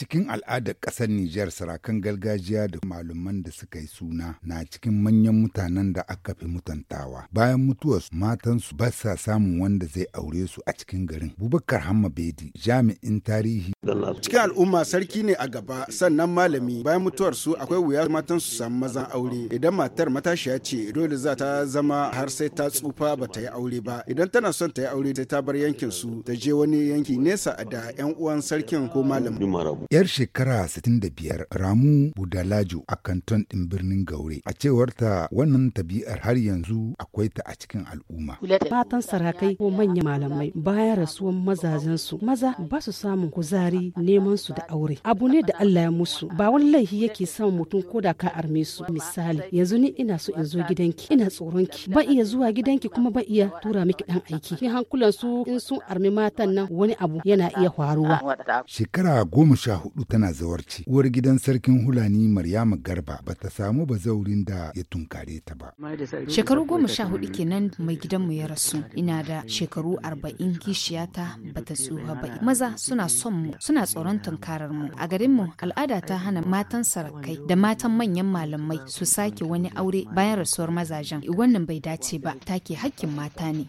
Cikin al'adar ƙasar Nijar sarakan gargajiya da malaman da suka yi suna na cikin manyan mutanen da aka fi mutantawa. Bayan mutuwar matansu ba sa samun wanda zai aure su a cikin garin. Abubakar Hamma Bedi jami'in tarihi cikin al'umma sarki ne a gaba sannan malami bayan mutuwar su akwai wuya matan su samu mazan aure idan matar matashiya ce dole za ta zama har sai ta tsufa ba ta yi aure ba idan tana son ta yi aure sai ta bar yankin su ta je wani yanki nesa da yan uwan sarkin ko malam yar shekara 65 ramu budalajo a kanton din birnin gaure a cewar ta wannan tabi'ar har yanzu akwai ta a cikin al'umma matan sarakai ko manyan malamai baya rasuwan mazajen su maza ba su samun kuzari tunkari neman su da aure abu ne da Allah ya musu ba wani laifi yake samun mutum ko da ka arme su misali yanzu ni ina so in zo gidanki ina tsoron ki ba iya zuwa gidanki kuma ba iya tura miki dan aiki ni hankulan su in sun arme matan nan wani abu yana iya faruwa shekara goma sha hudu tana zawarci uwar gidan sarkin hulani Maryama Garba ba ta samu bazaurin da ya tunkare ta ba shekaru goma sha hudu kenan mai gidanmu ya rasu ina da shekaru arba'in kishiyata ba ta tsuha ba maza suna son mu suna tsoron tunkarar mu a garin mu al'ada ta hana matan sarakai da matan manyan malamai su sake wani aure bayan rasuwar mazajen wannan bai dace ba take hakkin mata ne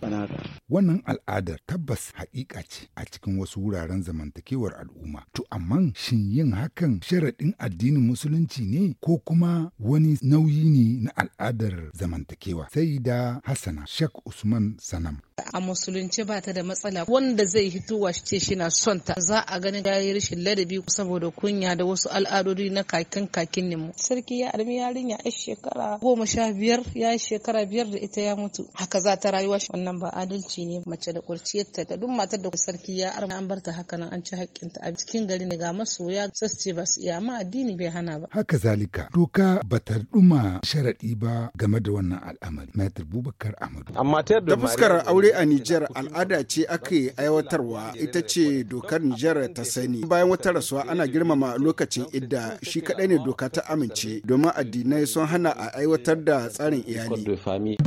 wannan al'adar tabbas haƙiƙa ce a cikin wasu wuraren zamantakewar al'umma to amma shin yin hakan sharaɗin addinin musulunci ne ko kuma wani nauyi ne na al'adar zamantakewa sai da hassana shek usman sanam a musulunci ba ta da matsala wanda zai hito wa ce shi na son ta za a gani. Yayi yi rashin ladabi saboda kunya da wasu al'adodi na kakin kakin mu. Sarki ya armi yarinya a shekara goma sha biyar ya yi shekara biyar da ita ya mutu. Haka za ta rayuwa wannan ba adalci ne mace da kurciyarta da duk matar da sarki ya armi an barta haka nan an ci haƙƙinta a cikin gari ne ga masoya sasce ba su iya amma addini bai hana ba. Haka zalika doka ba ta duma sharaɗi ba game da wannan al'amari. Maitar Bubakar Amadu. Amma ta fuskar aure a Nijar al'ada ce aka aiwatarwa ita ce dokar Nijar ta sani bayan wata rasuwa ana girmama lokacin idda shi kaɗai ne doka ta amince domin addinai sun hana a aiwatar da tsarin iyali.